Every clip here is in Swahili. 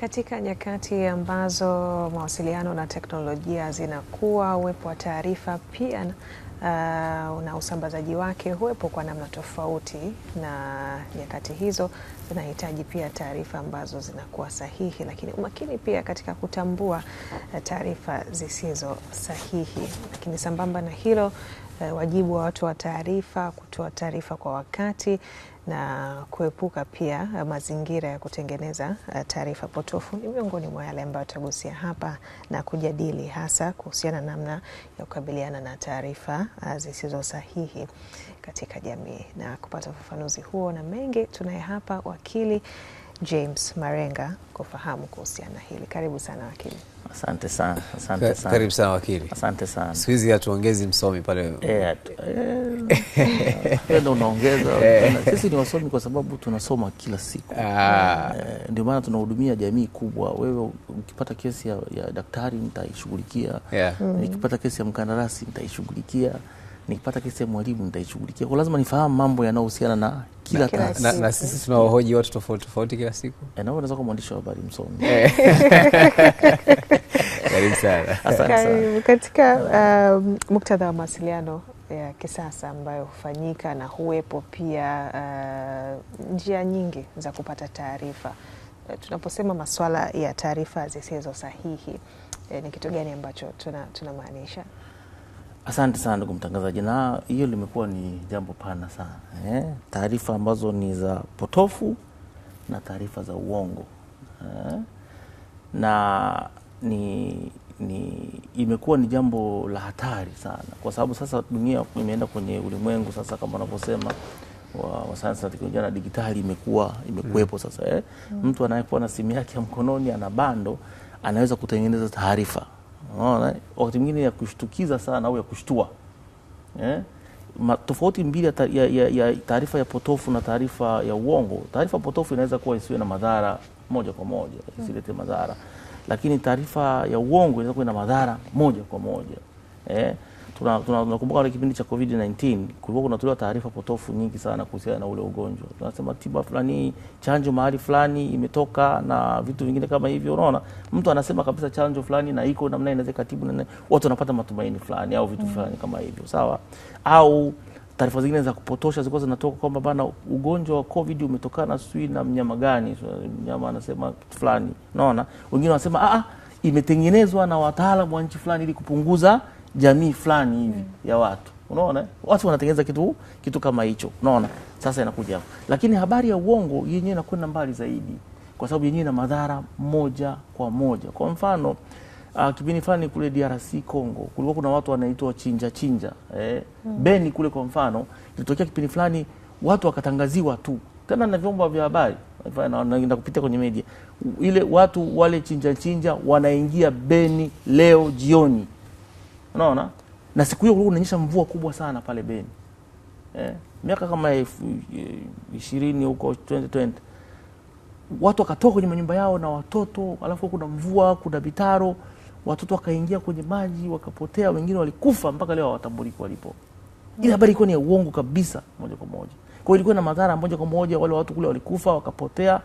Katika nyakati ambazo mawasiliano na teknolojia zinakuwa, uwepo wa taarifa pia uh, na usambazaji wake huwepo kwa namna tofauti, na nyakati hizo zinahitaji pia taarifa ambazo zinakuwa sahihi, lakini umakini pia katika kutambua uh, taarifa zisizo sahihi. Lakini sambamba na hilo, uh, wajibu wa watu wa taarifa kutoa taarifa kwa wakati na kuepuka pia eh, mazingira ya kutengeneza eh, taarifa potofu ni miongoni mwa yale ambayo tutagusia hapa na kujadili hasa kuhusiana namna ya kukabiliana na taarifa eh, zisizo sahihi katika jamii. Na kupata ufafanuzi huo na mengi tunaye hapa wakili James Marenga kufahamu kuhusiana na hili. Karibu sana wakili. Asante sana, asante sana. Karibu sana wakili. Asante sana. Siku hizi hatuongezi msomi pale. Eh, eh ndio unaongeza. Eh. Sisi ni wasomi kwa sababu tunasoma kila siku. Ah. Eh, ndio maana tunahudumia jamii kubwa. Wewe ukipata kesi ya, ya daktari nitaishughulikia. Yeah. Mm Nikipata kesi ya mkandarasi nitaishughulikia nikipata kesi ya mwalimu nitaishughulikia. Kwa lazima nifahamu mambo yanayohusiana na kila kazi, na, na, na sisi tunawahoji watu tofauti tofauti kila siku e, na unaweza kuwa mwandishi wa habari msomi. Eh. Karibu sana. Asante katika uh, muktadha wa mawasiliano ya kisasa ambayo hufanyika na huwepo pia uh, njia nyingi za kupata taarifa. Uh, tunaposema masuala ya taarifa zisizo sahihi, uh, ni kitu gani ambacho tunamaanisha? tuna Asante sana ndugu mtangazaji, na hiyo limekuwa ni jambo pana sana eh, taarifa ambazo ni za potofu na taarifa za uongo eh, na ni, ni imekuwa ni jambo la hatari sana, kwa sababu sasa dunia imeenda kwenye ulimwengu sasa, kama wanavyosema wa, wa sayansi na teknolojia na digitali, imekuwa imekuwepo mm. sasa eh, mtu anayekuwa na simu yake ya mkononi ana bando, anaweza kutengeneza taarifa unaona, wakati mwingine ya kushtukiza sana au ya kushtua eh? Ma, tofauti mbili ya, ya, ya, ya taarifa ya potofu na taarifa ya uongo. Taarifa potofu inaweza kuwa isiwe na madhara moja kwa moja, hmm. isilete madhara, lakini taarifa ya uongo inaweza kuwa na madhara moja kwa moja eh? tunakumbuka tuna, tuna ile kipindi cha COVID-19 kulikuwa kunatolewa taarifa potofu nyingi sana kuhusiana na ule ugonjwa. Tunasema tiba fulani, chanjo mahali fulani imetoka na vitu vingine kama hivyo. Unaona, mtu anasema kabisa chanjo fulani na iko namna inaweza katibu na watu wanapata matumaini fulani au vitu mm. fulani kama hivyo, sawa au taarifa zingine za kupotosha zilikuwa zinatoka kwamba bana, ugonjwa wa COVID umetokana sijui na mnyama gani, so, mnyama anasema kitu fulani. Unaona, wengine wanasema ah, ah, imetengenezwa na wataalamu wa nchi fulani ili kupunguza jamii fulani hivi mm. ya watu unaona, watu wanatengeneza kitu kitu kama hicho, unaona. Sasa inakuja hapo, lakini habari ya uongo yenyewe inakwenda mbali zaidi, kwa sababu yenyewe ina madhara moja kwa moja. Kwa mfano uh, kipindi fulani kule DRC Congo kulikuwa kuna watu wanaitwa chinja chinja eh, mm. Beni kule kwa mfano ilitokea kipindi fulani watu wakatangaziwa tu tena na vyombo vya habari naenda kupitia kwenye media ile, watu wale chinja chinja wanaingia Beni leo jioni unaona. Na siku hiyo kulikuwa kunanyesha mvua kubwa sana pale Beni eh, miaka kama elfu ishirini huko 2020 watu wakatoka kwenye manyumba yao na watoto, alafu kuna mvua, kuna vitaro, watoto wakaingia kwenye maji wakapotea, wengine walikufa, mpaka leo hawatambuliki walipo. Ile habari ilikuwa ni ya uongo kabisa, moja kwa moja. Kwa hiyo ilikuwa na madhara moja kwa moja, wale watu kule walikufa, wakapotea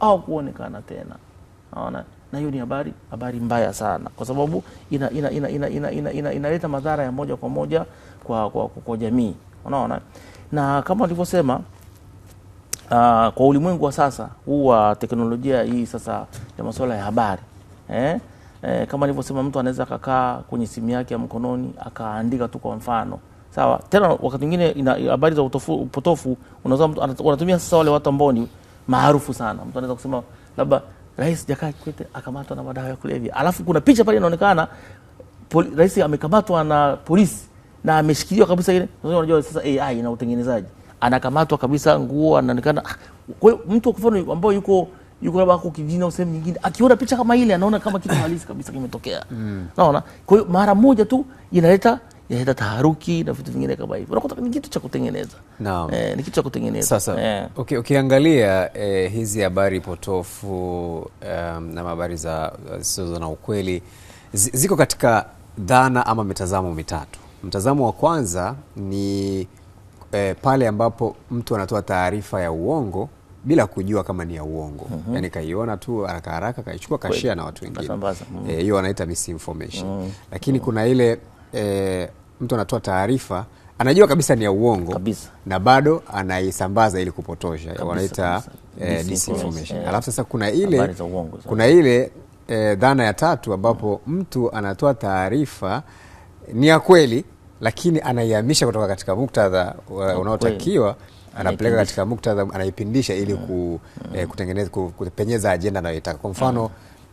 au kuonekana tena, naona na hiyo ni habari habari mbaya sana, kwa sababu inaleta ina, ina, ina, ina, ina, ina madhara ya moja kwa moja kwa, kwa, kwa, kwa jamii unaona, na kama nilivyosema uh, ah, kwa ulimwengu wa sasa huu wa teknolojia hii sasa ya masuala ya habari eh? Eh, kama nilivyosema mtu anaweza kakaa kwenye simu yake ya mkononi akaandika tu kwa mfano sawa. Tena wakati mwingine habari za upotofu unatumia sasa wale watu ambao ni maarufu sana, mtu anaweza kusema labda Rais Jakaya Kikwete akamatwa na madawa ya kulevya, alafu kuna picha pale inaonekana rais amekamatwa na polisi na ameshikiliwa kabisa ile. Unajua sasa AI na utengenezaji, anakamatwa kabisa, nguo anaonekana. Ah, kwa hiyo mtu kwa mfano ambaye yuko yuko labda ako kijijini au sehemu nyingine, akiona picha kama ile anaona kama kitu halisi kabisa kimetokea, mm. naona. Kwa hiyo mara moja tu inaleta hata taharuki na vitu vingine kama hivyo, unakuta ni kitu cha kutengeneza naam. Eh, ni kitu cha kutengeneza sasa Yeah. Okay, ukiangalia eh, hizi habari potofu um, na habari za eh, zisizo na ukweli ziko katika dhana ama mitazamo mitatu. Mtazamo wa kwanza ni eh, pale ambapo mtu anatoa taarifa ya uongo bila kujua kama ni ya uongo mm -hmm. Yani kaiona tu haraka haraka kaichukua kashia na watu wengine eh, hiyo e, wanaita misinformation mm -hmm. Lakini mm -hmm. kuna ile e, mtu anatoa taarifa anajua kabisa ni ya uongo kabisa, na bado anaisambaza ili kupotosha, wanaita e, disinformation. Alafu sasa kuna ile, kuna ile e, dhana ya tatu ambapo mtu anatoa taarifa ni ya kweli, lakini anaihamisha kutoka katika muktadha unaotakiwa anapeleka katika muktadha, anaipindisha ili mm. ku, e, kutengeneza kupenyeza ajenda anayoitaka kwa mfano mm.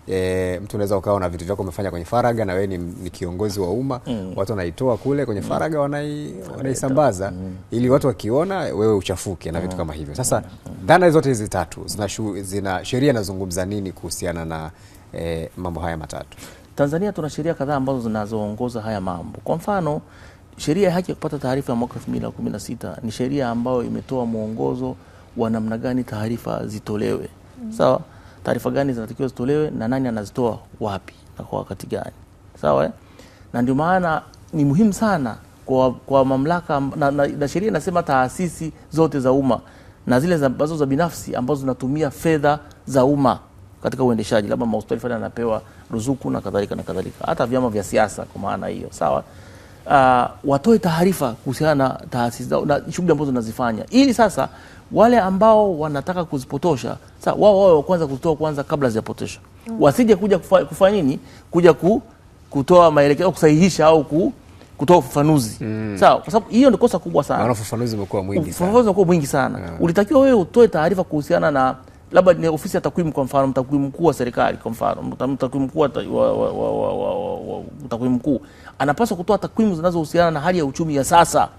E, mtu unaweza ukawa na vitu vyako umefanya kwenye faraga na wewe ni, ni kiongozi wa umma mm. Watu wanaitoa kule kwenye mm. faraga wanai, wanaisambaza mm. Ili watu wakiona wewe uchafuke na vitu mm. kama hivyo. Sasa mm. dhana zote hizi tatu zina, zina sheria inazungumza nini kuhusiana na e, mambo haya matatu? Tanzania tuna sheria kadhaa ambazo zinazoongoza haya mambo. Kwa mfano sheria ya haki ya kupata taarifa ya mwaka 2016 ni sheria ambayo imetoa mwongozo wa namna gani taarifa zitolewe, sawa so, taarifa gani zinatakiwa zitolewe na nani anazitoa wapi na kwa wakati gani, sawa eh? Na ndio maana ni muhimu sana kwa, kwa mamlaka na, na, na sheria inasema taasisi zote za umma na zile ambazo za binafsi ambazo zinatumia fedha za umma katika uendeshaji, labda mahospitali fulani anapewa ruzuku na kadhalika na kadhalika, hata vyama vya siasa kwa maana hiyo, sawa uh, watoe taarifa kuhusiana na taasisi zao na shughuli ambazo zinazifanya ili sasa wale ambao wanataka kuzipotosha sasa, wao wao kwanza kuzitoa kwanza kabla zijapotosha mm. wasije kuja kufanya kufa nini, kuja ku, kutoa maelekezo kusahihisha au ku, kutoa ufafanuzi mm. sawa, kwa sababu hiyo ni kosa kubwa sana. Maana ufafanuzi umekuwa mwingi sana, ufafanuzi umekuwa mwingi sana yeah. Ulitakiwa wewe utoe taarifa kuhusiana na labda ni ofisi ya takwimu kwa mfano, mtakwimu mkuu wa serikali kwa mfano, mtakwimu mkuu wa takwimu mkuu anapaswa kutoa takwimu zinazohusiana na hali ya uchumi ya sasa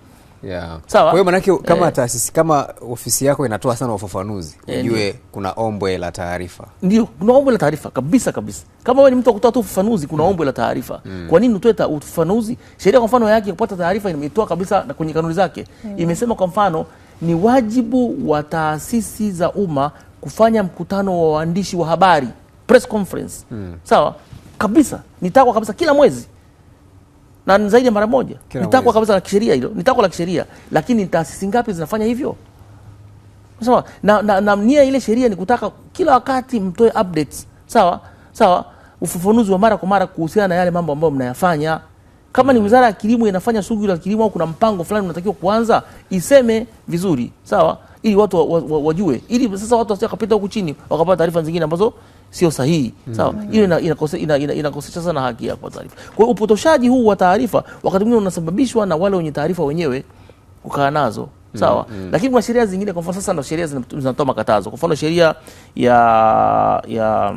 Yeah. Kwa hiyo manake eh. kama eh, taasisi kama ofisi yako inatoa sana ufafanuzi eh, ujue kuna ombwe la taarifa. Ndio, kuna ombwe la taarifa kabisa kabisa. Kama wewe ni mtu wa kutoa tu ufafanuzi, kuna mm, ombwe la taarifa mm. Kwa nini utoe ufafanuzi? Sheria kwa mfano yake kupata taarifa imetoa kabisa kwenye kanuni zake mm, imesema kwa mfano ni wajibu wa taasisi za umma kufanya mkutano wa waandishi wa habari press conference mm. Sawa kabisa, nitakwa kabisa kila mwezi na zaidi ya mara moja. Ni takwa kabisa la kisheria hilo, ni takwa la kisheria, lakini ni taasisi ngapi zinafanya hivyo? Sawa, na, na, na nia ile sheria ni kutaka kila wakati mtoe updates, sawa sawa, ufafanuzi wa mara kwa mara kuhusiana na yale mambo ambayo mnayafanya. Kama ni mm. wizara ya kilimo inafanya shughuli za kilimo, au kuna mpango fulani unatakiwa kuanza, iseme vizuri, sawa, ili watu wajue wa, wa, wa ili sasa watu wasije kupita huku chini wakapata taarifa zingine ambazo sio sahihi hmm. Sawa, hiyo inakosesha ina, ina, ina, sana haki yako taarifa. Kwa hiyo upotoshaji huu wa taarifa wakati mwingine unasababishwa na wale wenye taarifa wenyewe kukaa nazo hmm, sawa mm, mm. Lakini kuna sheria zingine, kwa mfano sasa ndo sheria zinatoa makatazo. Kwa mfano sheria ya ya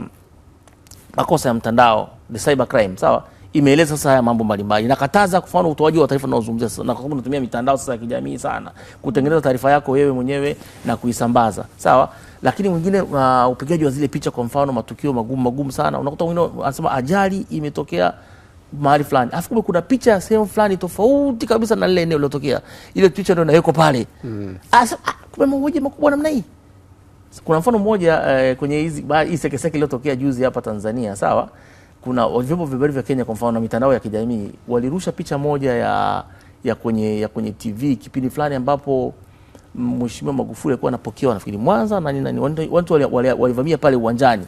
makosa ya mtandao, the cyber crime, sawa imeeleza sasa haya mambo mbalimbali, inakataza kwa mfano utoaji wa taarifa unaozungumzia sasa, na kwa sababu tunatumia mitandao sasa ya kijamii sana kutengeneza taarifa yako wewe mwenyewe na kuisambaza, sawa. Lakini mwingine uh, upigaji wa zile picha, kwa mfano matukio magumu magumu sana, unakuta mwingine anasema ajali imetokea mahali fulani, afu kumbe kuna picha ya sehemu fulani tofauti kabisa na lile eneo lilotokea, ile picha ndio inawekwa pale mm. Asa, ah, ah, kumbe mauaji makubwa namna hii. Kuna mfano mmoja eh, kwenye hizi hii sekeseke iliyotokea juzi hapa Tanzania, sawa kuna vyombo vya habari vya Kenya kwa mfano na mitandao ya kijamii walirusha picha moja ya, ya, kwenye, ya kwenye TV kipindi fulani ambapo Mheshimiwa Magufuli alikuwa anapokewa nafikiri Mwanza na nini, watu walivamia pale uwanjani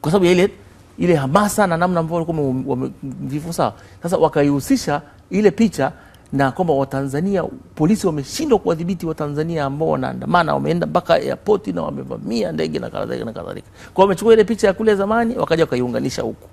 kwa sababu ya ile ile hamasa na namna ambavyo walikuwa wamevifu sawa. Sasa wakaihusisha ile picha na kwamba Watanzania polisi wameshindwa kuwadhibiti Watanzania ambao wanaandamana, wameenda mpaka airport na wamevamia ndege na kadhalika na kadhalika. Kwa wamechukua ile picha ya kule zamani wakaja wakaiunganisha huku.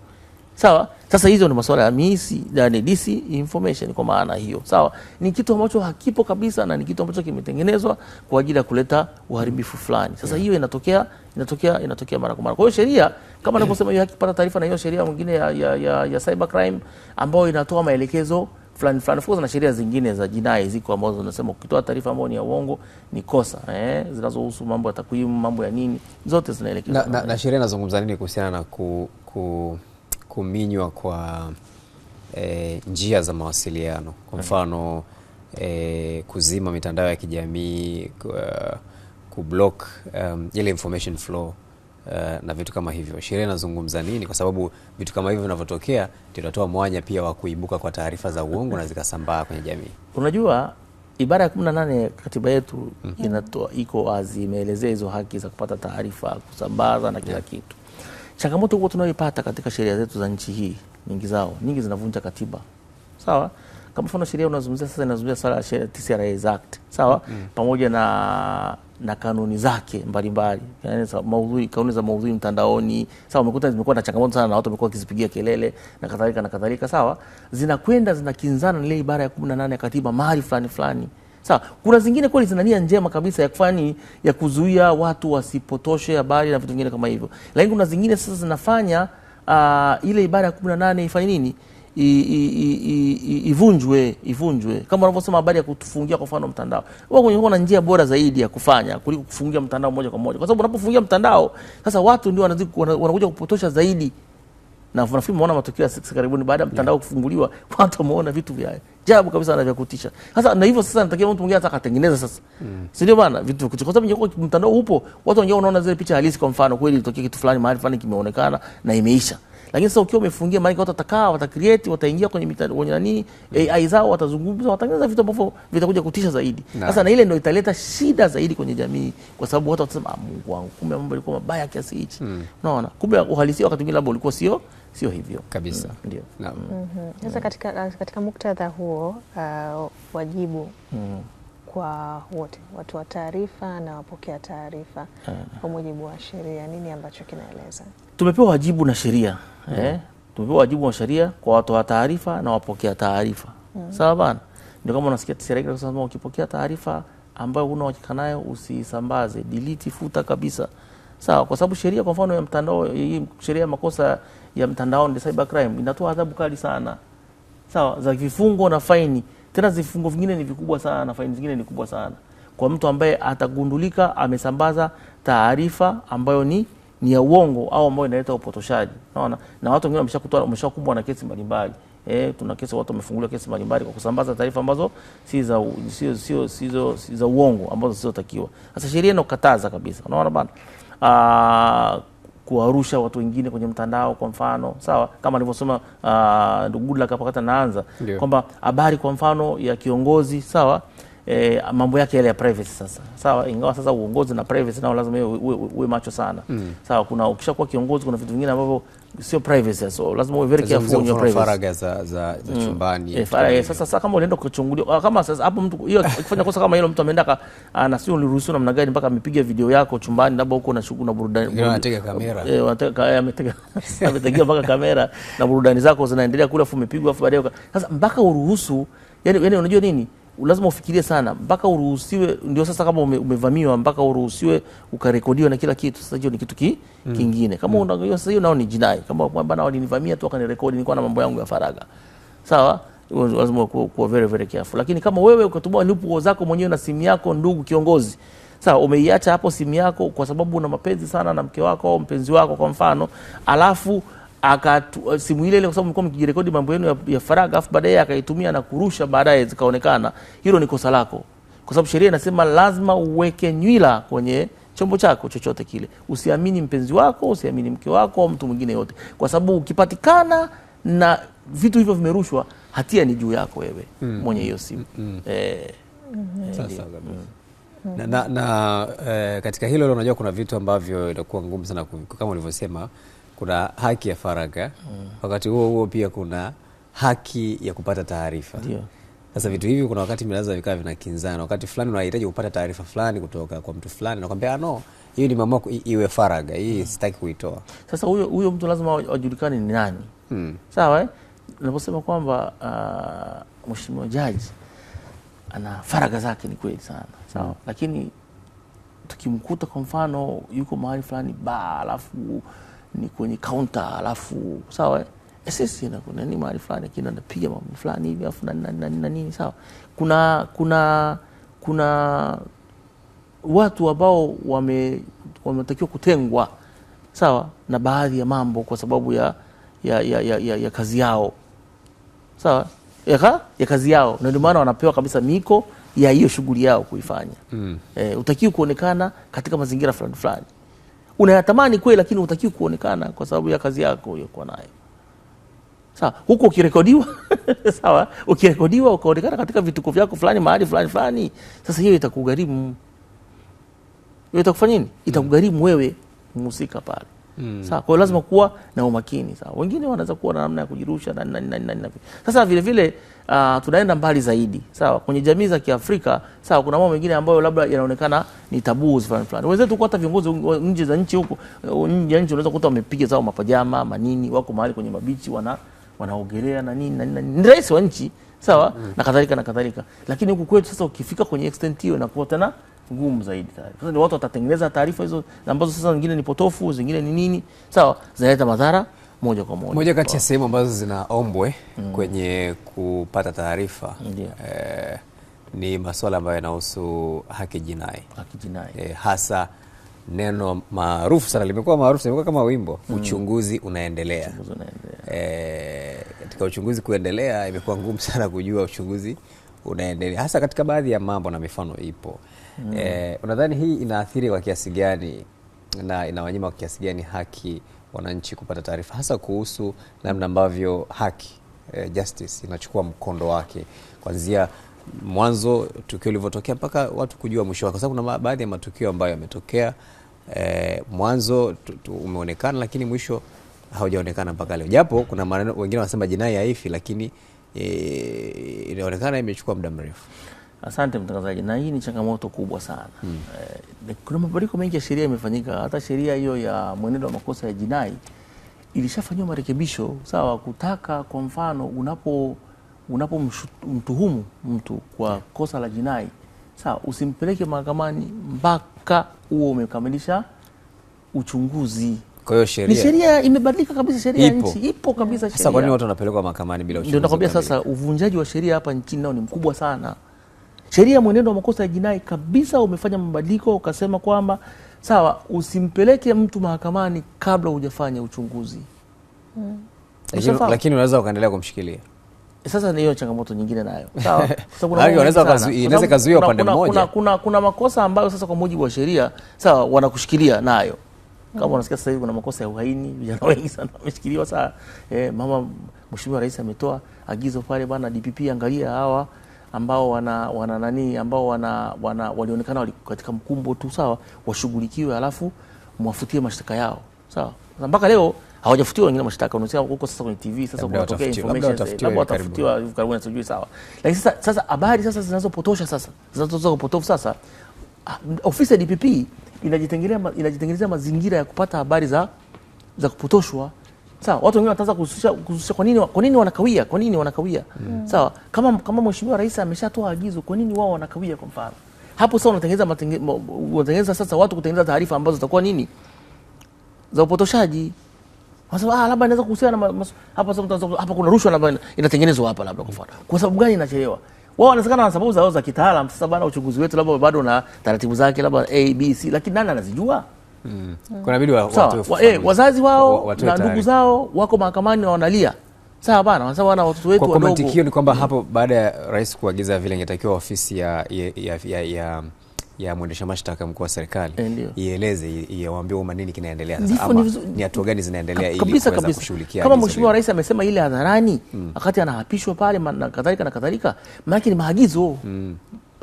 Sawa. Sasa hizo ni masuala ya misi, yani disinformation kwa maana hiyo. Sawa, ni kitu ambacho hakipo kabisa na ni kitu ambacho kimetengenezwa kwa ajili ya kuleta uharibifu fulani. Sasa hiyo inatokea inatokea inatokea mara kwa mara. Kwa hiyo sheria kama anavyosema hiyo hakipata taarifa na hiyo sheria mwingine ya, ya, ya, ya cyber crime ambayo inatoa maelekezo fulani fulani. Of na sheria zingine za jinai ziko ambazo zinasema ukitoa taarifa ambayo ni ya uongo ni kosa, eh, zinazohusu mambo ya takwimu, mambo ya nini, zote zinaelekezwa Na, na, na sheria inazungumza nini kuhusiana na ku, ku kuminywa kwa e, njia za mawasiliano kwa hmm. mfano e, kuzima mitandao ya kijamii eh, kublock um, ile information flow uh, na vitu kama hivyo. Sheria inazungumza nini? Kwa sababu vitu kama hivyo vinavyotokea tutatoa mwanya pia wa kuibuka kwa taarifa za uongo na zikasambaa kwenye jamii. Unajua ibara ya 18 katiba yetu mm. inatoa iko wazi, imeelezea hizo haki za kupata taarifa, kusambaza na kila yeah. kitu Changamoto kubwa tunayoipata katika sheria zetu za nchi hii nyingi zao nyingi zinavunja katiba, sawa. Kama mfano sheria unazungumzia sasa, inazungumzia swala la TCRA Act, sawa mm -hmm. pamoja na na kanuni zake mbalimbali yani, maudhui kanuni za maudhui mtandaoni sawa, umekuta zimekuwa na changamoto sana na watu wamekuwa wakizipigia kelele na kadhalika na kadhalika, sawa, zinakwenda zinakinzana na ile ibara ya 18 ya katiba mahali fulani fulani. Sawa, kuna zingine kweli zina nia njema kabisa ya kufanya ya kuzuia watu wasipotoshe habari na vitu vingine kama hivyo, lakini kuna zingine sasa zinafanya uh, ile ibara ya kumi na nane ifanye nini ivunjwe ivunjwe, kama unavyosema habari ya kutufungia kwa mfano mtandao. kwenye Kuna njia bora zaidi ya kufanya kuliko kufungia mtandao moja kwa moja, kwa sababu unapofungia mtandao sasa watu ndio wanazidi wanakuja kupotosha zaidi, na nafikiri umeona matokeo ya karibuni baada ya mtandao kufunguliwa, watu wameona vitu vya ajabu kabisa na vya kutisha. Sasa na hivyo sasa natakiwa mtu mwingine hata akatengeneza sasa. Mm. Si ndio bwana? vitu vya kutisha. Kwa sababu ingekuwa mtandao upo, watu wengine wanaona zile picha halisi kwa mfano kweli ilitokea kitu fulani mahali fulani kimeonekana na imeisha. Lakini sasa ukiwa umefungia maana watu watakaa, watakreate, wataingia kwenye mitandao kwenye nani, mm. AI zao watazungumza, watatengeneza vitu ambavyo vitakuja kutisha zaidi. Sasa na ile ndio italeta shida zaidi kwenye jamii kwa sababu watu watasema, ah, Mungu wangu, kumbe mambo yalikuwa mabaya kiasi hichi. Mm. Unaona? Mm. Kumbe uhalisia wakati mwingine labda ulikuwa sio sio hivyo kabisa. Mm, ndio. Naam. Mm-hmm. Mm-hmm. Sasa katika, katika muktadha huo uh, wajibu mm. kwa wote wa taarifa na wapokea taarifa ah. kwa mujibu wa sheria, nini ambacho kinaeleza? Tumepewa wajibu na sheria mm. eh? Tumepewa wajibu wa sheria kwa watoa taarifa na wapokea taarifa mm. Sawa bana, ndio kama unasikia serikali kusema ukipokea taarifa ambayo huna uhakika nayo usisambaze, delete, futa kabisa. Sawa, kwa sababu sheria kwa mfano ya mtandao, hii sheria ya makosa ya mtandaoni cyber crime inatoa adhabu kali sana sawa, za vifungo na faini, tena vifungo vingine ni vikubwa sana na faini zingine ni kubwa sana kwa mtu ambaye atagundulika amesambaza taarifa ambayo ni ni ya uongo au ambayo inaleta upotoshaji. naona na watu wengine wameshakutwa wameshakumbwa na kesi mbalimbali eh, tuna kesi watu wamefunguliwa kesi mbalimbali kwa kusambaza taarifa ambazo si za sio sio sio si za uongo ambazo sio takiwa. Sasa sheria inakataza kabisa. Unaona bana ah kuwarusha watu wengine kwenye mtandao kwa mfano sawa, kama alivyosema ah, ndugu uh, Goodluck naanza kwamba habari kwa mfano ya kiongozi sawa, e, mambo yake yale ya privacy sasa sawa, ingawa sasa uongozi na privacy nao lazima uwe macho sana mm. Sawa, kuna ukishakuwa kiongozi kuna vitu vingine ambavyo sio privacy so Lazima uwe very careful kwenye privacy, faraga za, za, za mm. chumbani mm. E, eh, faragha sasa. Sasa kama unaenda kuchungulia ah, kama sasa hapo mtu hiyo akifanya kosa kama hilo, mtu ameenda ana ah, sio uliruhusiwa namna gani mpaka amepiga video yako chumbani, labda huko na shughuli na burudani, ndio anatega kamera eh, wanatega eh, ametega ametega mpaka kamera na burudani zako zinaendelea kule, afu umepigwa, afu baadaye sasa mpaka uruhusu, yani yani unajua nini lazima ufikirie sana mpaka uruhusiwe. Ndio sasa kama ume, umevamiwa mpaka uruhusiwe ukarekodiwa na kila kitu. Sasa hiyo ni kitu ki, mm. kingine kama mm. unaangalia sasa, hiyo nao ni jinai. Kama nao walinivamia tu wakanirekodi, nilikuwa na mambo yangu ya faragha, sawa lazima kuwa very very careful. Lakini kama wewe ukatumia lupo zako mwenyewe na simu yako, ndugu kiongozi, sawa, umeiacha hapo simu yako kwa sababu una mapenzi sana na mke wako au mpenzi wako kwa mfano, alafu simu ile ile kwa sababu mlikuwa mkijirekodi mambo yenu ya, ya faragha, afu baadaye akaitumia na kurusha baadaye zikaonekana, hilo ni kosa lako, kwa sababu sheria inasema lazima uweke nywila kwenye chombo chako chochote kile. Usiamini mpenzi wako, usiamini mke wako au mtu mwingine yote, kwa sababu ukipatikana na vitu hivyo vimerushwa, hatia ni juu yako wewe mm. mwenye hiyo simu mm, mm, mm. eh, mm-hmm. mm -hmm. na, na, na eh, katika hilo unajua kuna vitu ambavyo itakuwa ngumu sana kama ulivyosema kuna haki ya faragha mm. Wakati huo huo pia kuna haki ya kupata taarifa. Sasa vitu hivi kuna wakati vinaweza vikaa vinakinzana. Wakati fulani unahitaji kupata taarifa fulani kutoka kwa mtu fulani, nakwambia ah, no, hiyo mama, iwe faragha hii mm. sitaki kuitoa. Sasa huyo huyo mtu lazima wajulikane ni nani mm. Sawa eh? Naposema kwamba uh, mheshimiwa jaji ana faragha zake, ni kweli sana sawa mm. lakini tukimkuta kwa mfano yuko mahali fulani ba alafu ni kwenye kaunta alafu sawa eh? sisi nini mahali fulani lakini anapiga mambo fulani hivi afu na nini sawa kuna kuna kuna watu ambao wame wametakiwa kutengwa sawa na baadhi ya mambo kwa sababu ya ya, ya, ya, ya, ya kazi yao sawa Eka? ya kazi yao na ndio maana wanapewa kabisa miko ya hiyo shughuli yao kuifanya mm. E, eh, utakiwa kuonekana katika mazingira fulani fulani unayatamani kweli, lakini hutakiwi kuonekana kwa sababu ya kazi yako uliyokuwa nayo. Sawa, huku ukirekodiwa sawa, ukirekodiwa ukaonekana katika vituko vyako fulani mahali fulani fulani, sasa hiyo itakugharimu, hiyo itakufanya nini? Itakugharimu wewe mhusika pale mm. Sawa, kwa hiyo lazima kuwa na umakini sawa. Wengine wanaweza kuwa na namna ya kujirusha na nini na nini. Sasa vile vile uh, tunaenda mbali zaidi sawa, kwenye jamii za Kiafrika sawa, kuna mambo mengine ambayo labda yanaonekana ni tabu fulani fulani. Wenzetu kwa hata viongozi nje za nchi huko uh, nje ya nchi unaweza kukuta wamepiga zao mapajama manini, wako mahali kwenye mabichi wana wanaogelea na nini na nini, ni rais wa nchi sawa, mm. na kadhalika na kadhalika, lakini huku kwetu sasa ukifika kwenye extent hiyo inakuwa tena ngumu zaidi taarifa. Sasa watu watatengeneza taarifa hizo ambazo sasa zingine ni potofu, zingine ni nini, sawa, zinaleta madhara moja kwa moja. Moja kati ya sehemu ambazo zinaombwe mm. kwenye kupata taarifa eh, ni masuala ambayo yanahusu haki jinai, haki jinai. Eh, hasa neno maarufu sana limekuwa maarufu limekuwa kama wimbo mm. uchunguzi unaendelea, uchunguzi unaendelea. Eh, katika uchunguzi kuendelea imekuwa ngumu sana kujua uchunguzi unaendelea hasa katika baadhi ya mambo na mifano ipo. mm. E, unadhani hii inaathiri kwa kiasi gani na inawanyima kwa kiasi gani haki wananchi kupata taarifa hasa kuhusu namna ambavyo haki e, justice inachukua mkondo wake kuanzia mwanzo tukio lilivyotokea mpaka watu kujua mwisho wake, kwa sababu kuna baadhi ya matukio ambayo yametokea e, mwanzo umeonekana lakini mwisho haujaonekana mpaka leo, japo kuna maneno wengine wanasema jinai haifi, lakini E, inaonekana imechukua muda mrefu. Asante mtangazaji, na hii ni changamoto kubwa sana hmm. E, kuna mabadiliko mengi ya sheria imefanyika. Hata sheria hiyo ya mwenendo wa makosa ya jinai ilishafanyiwa marekebisho, sawa, kutaka kwa mfano, unapo unapomtuhumu mtu kwa kosa la jinai, sawa, usimpeleke mahakamani mpaka huo umekamilisha uchunguzi. Kwa hiyo sheria ni sheria imebadilika kabisa, sheria ya nchi ipo kabisa. Sasa kwa nini watu wanapelekwa mahakamani bila uchunguzi? Ndio nakwambia sasa, uvunjaji wa sheria hapa nchini nao ni mkubwa sana. Sheria ya mwenendo wa makosa ya jinai kabisa umefanya mabadiliko, ukasema kwamba sawa, usimpeleke mtu mahakamani kabla hujafanya uchunguzi mm. Lakini, lakini unaweza ukaendelea kumshikilia sasa ni hiyo changamoto nyingine nayo. Sawa. upande mmoja. Kuna, kuna, kuna makosa ambayo sasa kwa mujibu wa sheria sawa wanakushikilia nayo kama unasikia sasa hivi kuna makosa ya uhaini, vijana wengi sana wameshikiliwa. Saa eh, mama mheshimiwa rais ametoa agizo pale, bwana DPP, angalia hawa ambao wana, wana nani ambao wana, wana walionekana wali katika mkumbo tu, sawa, washughulikiwe, alafu mwafutie mashtaka yao, sawa. Na Mpaka leo hawajafutiwa wengine mashtaka, unasikia huko sasa kwenye TV, sasa kunatokea information labda watafutiwa hivi karibuni, sijui, sawa. Lakini sasa sasa habari sasa zinazopotosha sasa zinazotoza potofu sasa, ah, ofisi ya DPP inajitengenezea mazingira ya kupata habari za, za kupotoshwa sawa. Watu wengine wataanza kuhusisha kwa nini, kwa nini wanakawia, kwa nini wanakawia mm. Sawa, kama, kama mheshimiwa rais ameshatoa agizo, kwa nini wao wanakawia? Kwa mfano hapo sasa unatengeneza unatengeneza sasa watu kutengeneza taarifa ambazo zitakuwa nini za upotoshaji. sababu ah, labda inaweza kuhusiana na hapa. Sasa hapa kuna rushwa labda inatengenezwa hapa, labda kwa mfano, kwa sababu gani inachelewa? wao wanawezekana na sababu zao za kitaalam. Sasa bana, uchunguzi wetu labda bado na taratibu zake labda a b c, lakini nani anazijua? Mm. Kuna bidii wa, sawa, wa, eh, wazazi wao wa, na ndugu zao wako mahakamani na wanalia sawa bana, wanasema wana watoto wetu wadogo. Kwa mantiki ni kwamba hmm. hapo baada ya rais kuagiza vile ingetakiwa ofisi ya, ya, ya, ya, ya ya mwendesha mashtaka mkuu wa serikali eh, ieleze, iwaambie umma nini kinaendelea sasa, ama ni hatua gani zinaendelea ili kuweza kushughulikia. Kama mheshimiwa rais amesema ile hadharani mm. wakati mm. anaapishwa pale na kadhalika na kadhalika, maana ni maagizo mm.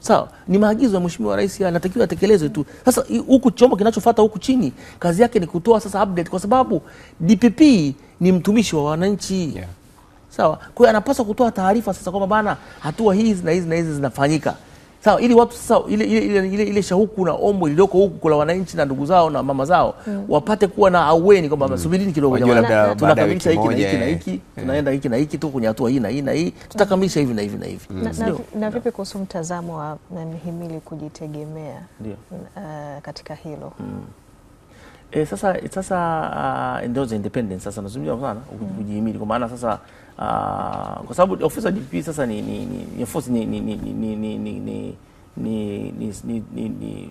Sawa, ni maagizo ya mheshimiwa rais, anatakiwa atekelezwe tu. Sasa huku chombo kinachofuata huku chini, kazi yake ni kutoa sasa update, kwa sababu DPP ni mtumishi wa wananchi yeah. Sawa, kwa hiyo anapaswa kutoa taarifa sasa kwamba bana, hatua hizi na hizi na hizi zinafanyika sawa, ili watu sasa ile, ile, ile, ile shauku na ombo iliyoko huku kwa wananchi na ndugu zao na mama zao mm. wapate kuwa na aweni kwamba mm. subirini kidogo jamani, tunakamilisha hiki na hiki na hiki eh. mm. tunaenda hiki na hiki tu kwenye hatua hii na hii na hii tutakamilisha hivi na hivi na hivi. Na vipi kuhusu mtazamo wa mhimili kujitegemea eh, katika hilo? E, sasa sasa uh, ah, ndio independence sasa nazungumzia sana mm. kujihimili, kwa maana sasa kwa sababu ofisi ya DPP sasa ni ni ni ni ni ni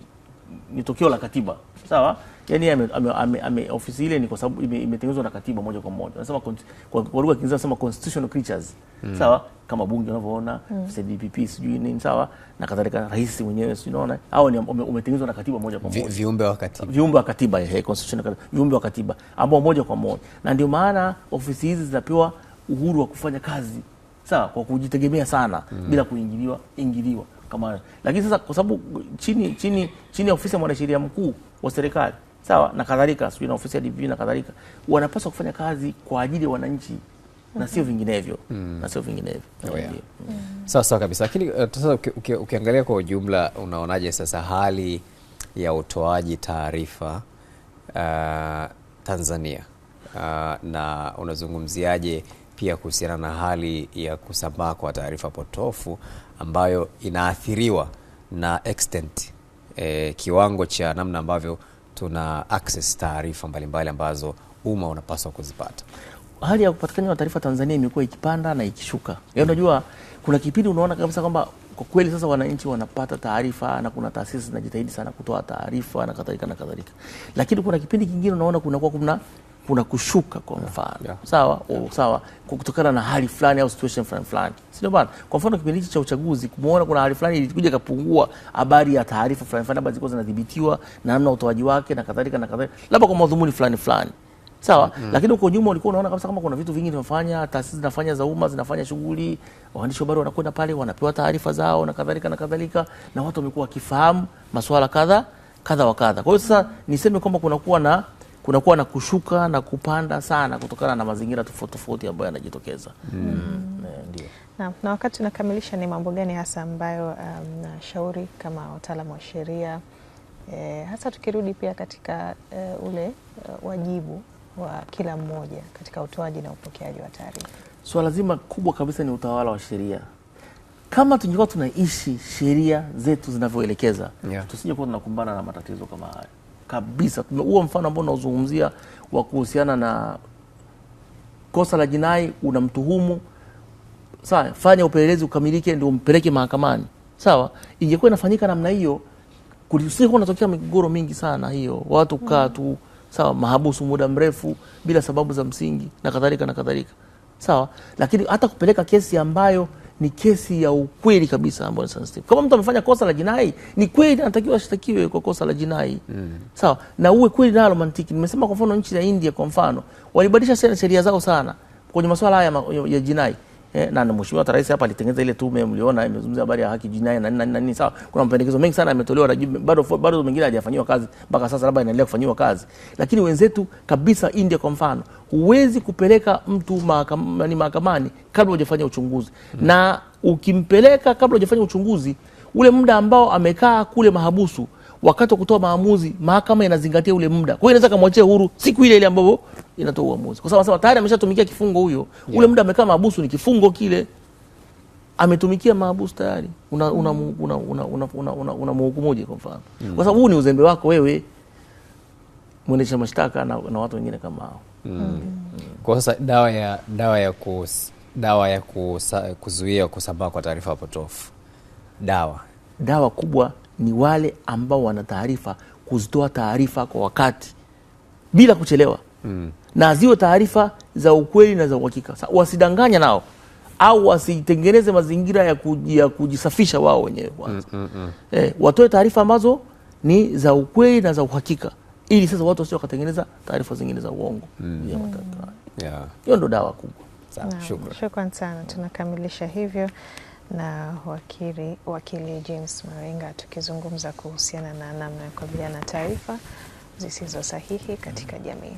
ni tokeo la katiba sawa. Yani ame, ame, ame, ofisi ile ni kwa sababu imetengenezwa ime na katiba moja kwa moja, anasema kwa lugha ya Kiingereza anasema constitutional creatures mm. Sawa, kama bunge unavyoona mm. DPP sijui nini sawa na kadhalika, rais mwenyewe sijui unaona, au ni umetengenezwa na katiba moja kwa moja, viumbe wa katiba, viumbe wa katiba, eh, constitutional viumbe wa katiba ambao moja kwa moja, na ndio maana ofisi hizi zinapewa uhuru wa kufanya kazi sawa, kwa kujitegemea sana mm. bila kuingiliwa ingiliwa kama. Lakini sasa kwa sababu chini chini chini ya ofisi ya mwanasheria mkuu wa serikali sawa na kadhalika, sio na ofisi ya DPP na kadhalika, wanapaswa kufanya kazi kwa ajili ya wananchi na sio vinginevyo mm. na sio vinginevyo oh, yeah. mm. sawa sawa kabisa. Lakini uh, sasa uki, uki, ukiangalia kwa ujumla, unaonaje sasa hali ya utoaji taarifa uh, Tanzania uh, na unazungumziaje pia kuhusiana na hali ya kusambaa kwa taarifa potofu ambayo inaathiriwa na extent e, kiwango cha namna ambavyo tuna access taarifa mbalimbali ambazo umma unapaswa kuzipata. Hali ya upatikanaji wa taarifa Tanzania imekuwa ikipanda na ikishuka. Yaani mm. unajua mm. kuna kipindi unaona kabisa kwamba kwa kweli sasa wananchi wanapata taarifa na kuna taasisi zinajitahidi sana kutoa taarifa na kadhalika na kadhalika, lakini kuna kipindi kingine unaona kunakuwa kuna kuna kushuka kwa mfano yeah, yeah. Sawa oh, yeah. Sawa, kutokana na hali fulani au situation fulani fulani, si ndio bwana? Kwa mfano kipindi hichi cha uchaguzi, kumuona kuna hali fulani ilikuja ikapungua, habari ya taarifa fulani fulani labda zilikuwa zinadhibitiwa na namna utoaji wake na kadhalika na kadhalika, labda kwa madhumuni fulani fulani sawa mm Lakini huko nyuma ulikuwa unaona kabisa kama kuna vitu vingi vinafanya, taasisi zinafanya za umma zinafanya shughuli, waandishi wa habari wanakwenda pale wanapewa taarifa zao na kadhalika na kadhalika, na watu wamekuwa wakifahamu masuala kadha kadha wa kadha. Kwa hiyo sasa niseme kwamba kunakuwa na kunakuwa na kushuka na kupanda sana kutokana na mazingira tofauti tofauti ambayo yanajitokeza. Mm. Eh, ndio. Na, na wakati unakamilisha, ni mambo gani hasa ambayo mnashauri um, kama wataalamu wa sheria e, hasa tukirudi pia katika e, ule wajibu wa kila mmoja katika utoaji na upokeaji wa taarifa? Swala so, zima kubwa kabisa ni utawala wa sheria. Kama tungekuwa tunaishi sheria zetu zinavyoelekeza, yeah. tusije kuwa tunakumbana na matatizo kama haya kabisa. Huo mfano ambao unaozungumzia wa kuhusiana na kosa la jinai, unamtuhumu sawa, fanya upelelezi ukamilike, ndio umpeleke mahakamani sawa. Ingekuwa inafanyika namna hiyo, kulisikuwa unatokea migogoro mingi sana hiyo, watu kaa tu sawa, mahabusu muda mrefu bila sababu za msingi na kadhalika na kadhalika, sawa. Lakini hata kupeleka kesi ambayo ni kesi ya ukweli kabisa ambayo ni sensitive. Kama mtu amefanya kosa la jinai, ni kweli anatakiwa ashtakiwe kwa kosa la jinai mm. Sawa na uwe kweli nalo mantiki. Nimesema kwa mfano nchi ya India kwa mfano walibadilisha sheria zao sana kwenye masuala haya ya, ya jinai eh, na mheshimiwa rais hapa alitengeneza ile tume, mliona imezungumzia habari ya haki jinai na nini na nini. Sawa, kuna mapendekezo mengi sana yametolewa, bado bado mengine hajafanyiwa kazi mpaka sasa, labda inaendelea kufanyiwa kazi. Lakini wenzetu kabisa India kwa mfano, huwezi kupeleka mtu mahakamani mahakamani kabla hujafanya uchunguzi mm. na ukimpeleka kabla hujafanya uchunguzi ule muda ambao amekaa kule mahabusu wakati wa kutoa maamuzi mahakama inazingatia ule muda. Kwa hiyo inaweza kumwachia huru siku ile ile ambapo inatoa uamuzi, kwa sababu anasema tayari ameshatumikia kifungo huyo, yeah. Ule muda amekaa mahabusu ni kifungo kile ametumikia mahabusu tayari, Una una, una, una, una, una, una, una kwa mfano mm. Kwa sababu huu ni uzembe wako wewe mwendesha mashtaka na, na watu wengine kama hao mm. mm. Kwa sasa dawa ya, dawa ya, kus, dawa ya kusa, kuzuia kusambaa kwa taarifa potofu dawa dawa kubwa ni wale ambao wana taarifa, kuzitoa taarifa kwa wakati bila kuchelewa mm. na ziwe taarifa za ukweli na za uhakika, wasidanganya nao au wasitengeneze mazingira ya, ya kujisafisha wao wenyewe kwanza mm, mm, mm. E, watoe taarifa ambazo ni za ukweli na za uhakika, ili sasa watu wasio wakatengeneza taarifa zingine za uongo mm. ya hiyo yeah. Ndo dawa kubwa. Shukran sana, tunakamilisha hivyo na wakili, wakili James Marenga tukizungumza kuhusiana na namna ya kukabiliana na taarifa zisizo sahihi katika jamii.